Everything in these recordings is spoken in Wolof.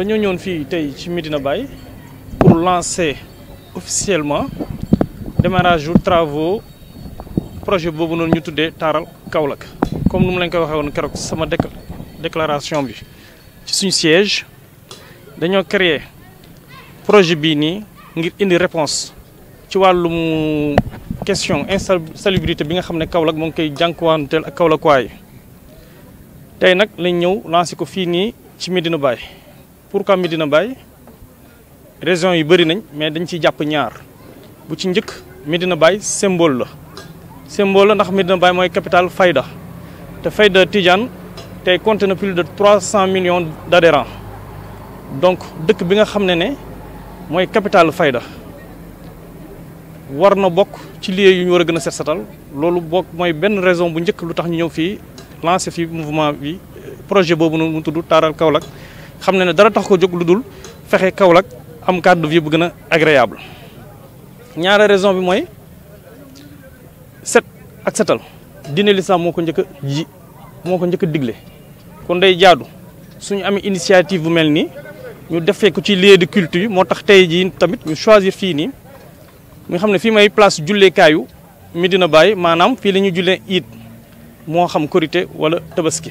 dañoo ñëwoon fii tey ci Medina Baye pour lancer officiellement démarrage yu travaux projet boobu noonu ñu tuddee taaral Kaolack comme nous mu lañ koy waxee sama déclaration bi ci suñu siège dañoo créer projet bii nii ngir indi réponse ci wàllum question insalubrité bi nga xam ne Kaolack moo ngi koy jànkuwanteel ak Kaolack waay tey nag ñëw lancer ko fini, nii ci Medina Baye kam Medina bay raison yu bari nañ mais dañ ci japp ñaar bu ci ñëk Medina bay symbole la symbole la ndax Medina bay moy capital Fayda te Fayda Tidiane tay compte na plus de 300 millions d'adhérents donc dëkk bi nga xamné né moy capital Fayda warna bok ci lieu yu ñu wara gëna gën lolu bok moy ben raison bu njëkk lutax ñu ñëw fi lancer fi mouvement bi projet bobu nu mu tuddu taral Kaolack xam ne dara tax ko jóg lu dul fexe Kaolack am cadre de vie bu gën a agréable ñaare raison bi mooy set ak setal diine lislaam moo ko njëkk ji moo ko njëkk digle kon day jaadu suñu amee initiative bu mel nii ñu defee ko ci lieu de culte yi moo tax tey jii tamit ñu choisir fii nii nga xam ne fii may place julleekaayu Medina Baye maanaam fii la ñuy jullee iit moo xam korité wala tabaski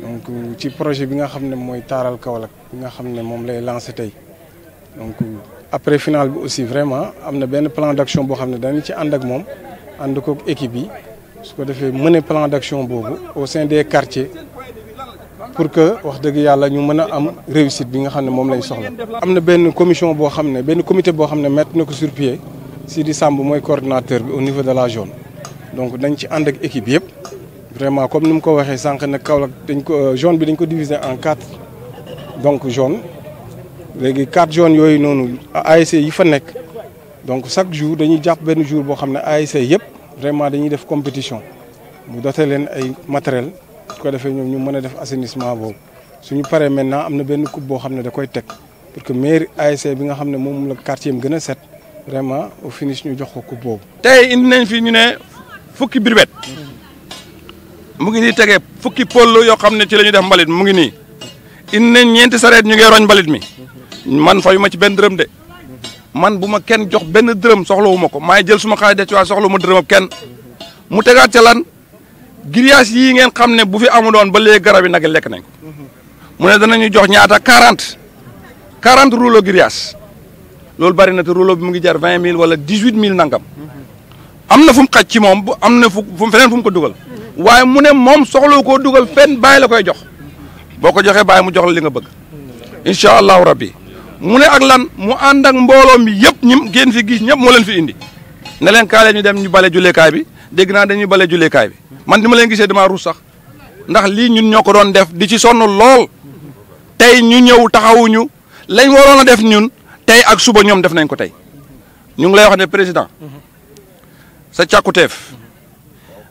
donc euh, ci projet bi nga xam ne mooy taaral Kaolack bi nga xam ne moom lay lancé tey donc euh, après final bi aussi vraiment am na benn plan d'action boo xam ne danañ ci ànd ak moom ànd ko équipe bi su ko defee mené plan d'action boobu au sein des quartiers pour que wax dëgg yàlla ñu mën a am réussite bi nga xam ne moom lañ soxla. am na benn commission boo xam ne benn comité boo xam ne mettre na ko sur pied Sidi Samb mooy coordinateur bi au niveau de la zone donc dañ ci ànd ak équipe yëpp vraiment comme ni mu ko waxee sank nag Kaolack dañ ko euh, zone bi dañ ko diviser en 4 donc jaune léegi quatre jaune yoy nonou ASC yi fa nek donc chaque jour dañuy japp ben jour bo xamné ne ASC yëpp vraiment dañuy def compétition mu doté len ay matériel ko defee ñom ñu mëna def assainissement boobu suñu paré maintenant amna ben coupe bo xamné ne da koy teg pour que maire ASC bi nga xamné mom moom la quartier am gëna set vraiment au finish ñu jox ko coupe boobu. tey indi nañ fi ñu né fukki birbet mu ngi nii tegee fukki pôle yoo xam ne ci la ñu def mbalit mu ngi nii in nañ ñeenti sareet ñu ngi roñ mbalit mi man fayu ma ci benn dërëm de man bu ma kenn jox benn dërëm soxla wu ma ko maay jël suma xaalis de ci soxla soxlawu ma dërëm kenn mu tegaat ca lan grillage yii ngeen xam ne bu fi amuloon ba léegi garab yi nag lekk nañ mu ne danañu jox ñaata 40 40 rouleaux grillage loolu bari na te rouleau mu ngi jar 20 000 wala 18 000 nangam am na fu mu xaj ci moom am na fu feneen fu mu ko dugal waaye mune mom moom soxlawu koo dugal fenn bàyyi la koy jox boo ko joxee bàyyi mu jox li nga bëgg rabbi mu andang ak lan mu ànd ak mbooloo mi yëpp ñi ngeen fi gis ñëpp moo leen fi indi ne leen kaale ñu dem ñu bale julleekaay bi dégg naa dañuy bale julleekaay bi man ni leen gisee damaa ruus sax ndax lii ñun ñoo doon def di ci sonn lool tey ñu ñëw taxawuñu lañ waroon def ñun tey ak suba ñoom def nañ ko tey ñu ngi lay wax ne président sa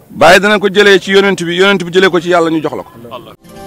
bàyyi dana ko jëlee ci yonent bi yonent bi jëlee ko ci yàlla ñu jox la ko